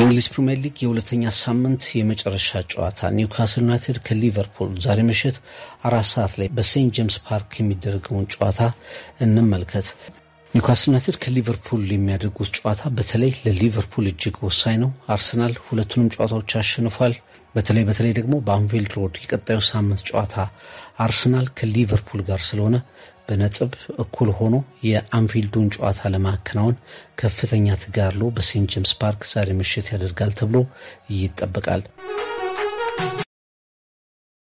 የእንግሊዝ ፕሪምየር ሊግ የሁለተኛ ሳምንት የመጨረሻ ጨዋታ ኒውካስል ዩናይትድ ከሊቨርፑል ዛሬ ምሽት አራት ሰዓት ላይ በሴንት ጄምስ ፓርክ የሚደረገውን ጨዋታ እንመልከት። ኒውካስል ዩናይትድ ከሊቨርፑል የሚያደርጉት ጨዋታ በተለይ ለሊቨርፑል እጅግ ወሳኝ ነው። አርሰናል ሁለቱንም ጨዋታዎች አሸንፏል። በተለይ በተለይ ደግሞ በአንፊልድ ሮድ የቀጣዩ ሳምንት ጨዋታ አርሰናል ከሊቨርፑል ጋር ስለሆነ በነጥብ እኩል ሆኖ የአንፊልዱን ጨዋታ ለማከናወን ከፍተኛ ተጋድሎ በሴንት ጄምስ ፓርክ ዛሬ ምሽት ያደርጋል ተብሎ ይጠበቃል።